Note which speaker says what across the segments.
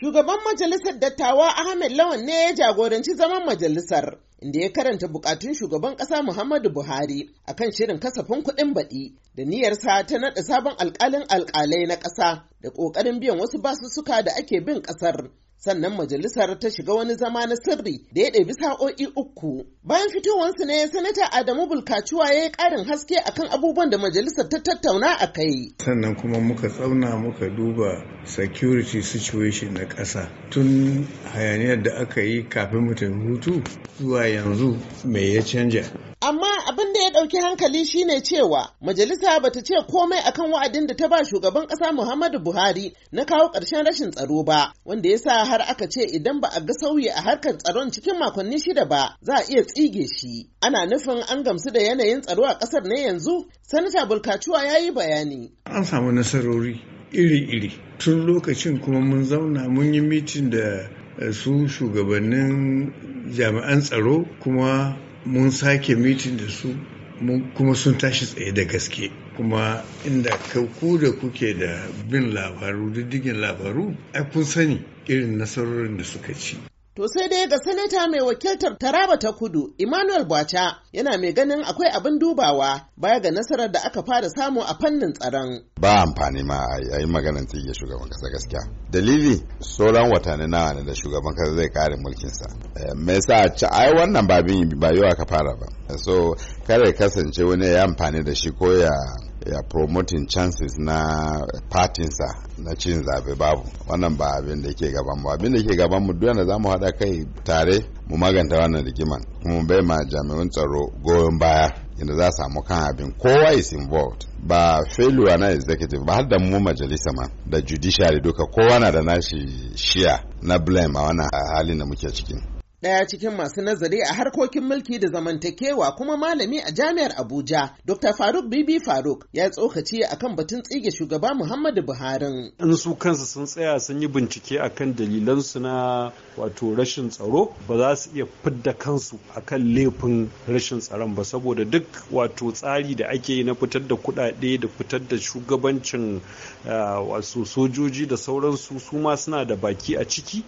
Speaker 1: Shugaban majalisar dattawa Ahmed Lawan ne ya jagoranci zaman majalisar, inda ya karanta bukatun shugaban ƙasa Muhammadu Buhari a kan shirin kasafin kuɗin baɗi da niyyarsa ta naɗa sabon alƙalin alƙalai na ƙasa da ƙoƙarin biyan wasu basussuka da ake bin ƙasar. sannan majalisar ta shiga wani zama na sirri da ya ɗabi sa'o'i uku. Bayan fitowansu ne sanata Adamu Bulkacuwa ya yi ƙarin haske akan abubuwan da majalisar ta tattauna a kai.
Speaker 2: Sannan kuma muka tsauna muka duba security situation na ƙasa tun hayaniyar da aka yi kafin mutum hutu zuwa yanzu mai ya canja.
Speaker 1: Amma abin da ya ɗauki hankali shine cewa majalisa bata ce komai akan wa'adin da ta ba shugaban ƙasa Muhammadu Buhari na kawo ƙarshen rashin tsaro ba, wanda ya sa har aka ce idan ba a ga sauyi a harkar tsaron cikin makonni shida ba za a iya tsige shi. Ana nufin an gamsu da yanayin tsaro a ƙasar ne yanzu? Sanata Bulkacuwa ya yi bayani.
Speaker 2: An samu nasarori iri-iri. Tun lokacin kuma mun zauna mun yi mitin da eh, su shugabannin jami'an tsaro kuma mun sake mitin da su kuma sun tashi tsaye da gaske kuma inda ku da kuke da bin labaru diddigin labaru ai kun sani irin nasarorin da suka ci
Speaker 1: To sai dai ga sanata mai wakiltar Taraba ta Kudu, Emmanuel Bwacha, yana mai ganin akwai abin dubawa baya ga nasarar da aka fara samu a fannin tsaron.
Speaker 3: Ba amfani ma a yi maganar tsige shugaban kasa gaskiya. Dalili sauran watanni nawa ne da shugaban kasa zai kare mulkinsa. Eh, me a ci ai wannan babin ba yau aka fara ba. So kare kasance wani ya amfani da shi ko ya ya promoting chances na partinsa na cin zabe babu wannan ba abin da ke gaban mu abin da ke gaban mu duk za mu hada kai tare mu maganta wannan rigiman kuma bai ma jami'un tsaro goyon baya inda za samu kan abin kowa is involved ba failure na executive ba har da mu majalisa ma da judiciary duka kowa na da nashi shiya na blame a wannan halin da muke cikin
Speaker 1: Ɗaya cikin masu nazari a harkokin mulki da zamantakewa kuma malami a jami'ar Abuja, Dr. Faruk Bibi Faruk ya tsokaci a kan batun tsige shugaba Muhammadu Buhari.
Speaker 4: In su kansu sun tsaya sun yi bincike a kan dalilansu na wato rashin tsaro ba za su iya fidda kansu a kan laifin rashin tsaron ba saboda duk wato tsari da ake yi na fitar da kuɗaɗe da fitar da shugabancin wasu sojoji da sauransu su ma suna da baki a ciki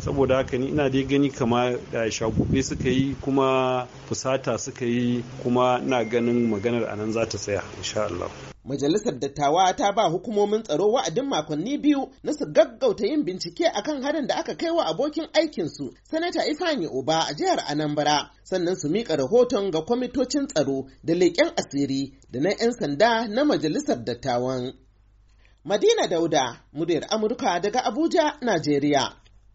Speaker 4: saboda haka ni ina dai gani kamar da shagube suka yi kuma fusata suka yi kuma na ganin maganar anan za ta tsaya insha Allah.
Speaker 1: Majalisar Dattawa ta ba hukumomin tsaro wa'adin makonni biyu na su gaggauta yin bincike akan harin da aka kai wa abokin aikinsu, Sanata Ifani Oba a jihar Anambra, sannan su mika rahoton ga kwamitocin tsaro da leƙen asiri da na 'yan sanda na Majalisar Dattawan. Madina Dauda, Muryar Amurka daga Abuja, Najeriya.